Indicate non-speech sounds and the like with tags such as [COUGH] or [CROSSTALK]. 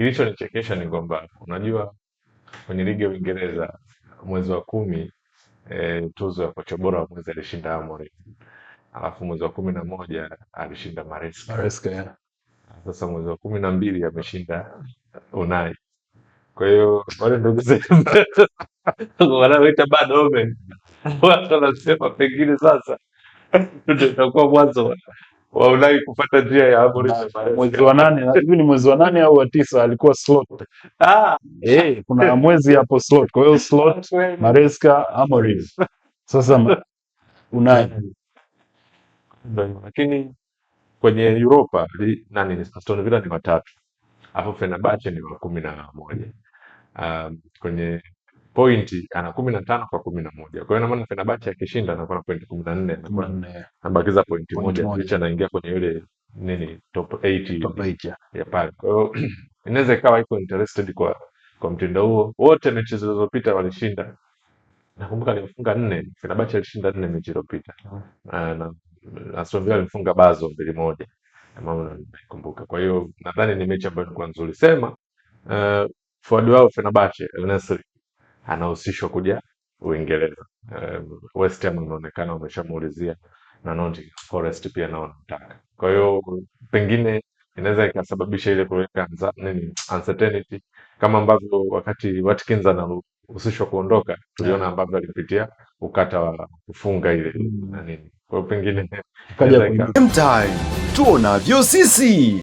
Kilichonichekesha ni kwamba unajua kwenye ligi ya Uingereza mwezi wa kumi e, tuzo ya kocha bora wa mwezi alishinda Amorim, alafu mwezi wa kumi na moja alishinda Maresca. Maresca, yeah. Sasa mwezi wa kumi na mbili ameshinda Unai. Kwa hiyo wale ndugu zetu [LAUGHS] wanaoita bad omen watu wanasema pengine sasa [LAUGHS] tutakuwa mwanzo waulai kupata njia ya average. Mwezi wa nane hivi ni mwezi wa nane au wa tisa, alikuwa slot. Ah, eh, kuna mwezi hapo slot. Kwa hiyo slot Maresca Amorim. Sasa unai lakini kwenye Europa nani, Aston Villa ni watatu, alafu Fenerbahce ni wa kumi na moja. Um, kwenye pointi ana kumi na tano kwa kumi na moja. Kwa hiyo ina Fenerbahce akishinda anakuwa na pointi kumi na nne anabakiza pointi moja kisha anaingia kwenye ile nini top 8 top 8 ya pale. Kwa hiyo [CLEARS THROAT] inaweza ikawa iko interested kwa kwa mtindo huo. Wote mechi zilizopita walishinda. Nakumbuka alimfunga nne, Fenerbahce alishinda nne mechi iliyopita. Mm-hmm. Ah, na Aston Villa Bazo mbili moja. Kama nakumbuka. Kwa hiyo nadhani ni mechi ambayo ilikuwa nzuri. Sema uh, forward wao Fenerbahce El Nesri anahusishwa kuja Uingereza. Um, West Ham wameshamuulizia na Nottingham Forest pia nao wanamtaka, kwa hiyo pengine inaweza ikasababisha ile kuweka nini uncertainty, kama ambavyo wakati Watkins anahusishwa kuondoka tuliona ambavyo alipitia ukata wa kufunga ile mm. na nini, kwa hiyo pengine tuonavyo sisi.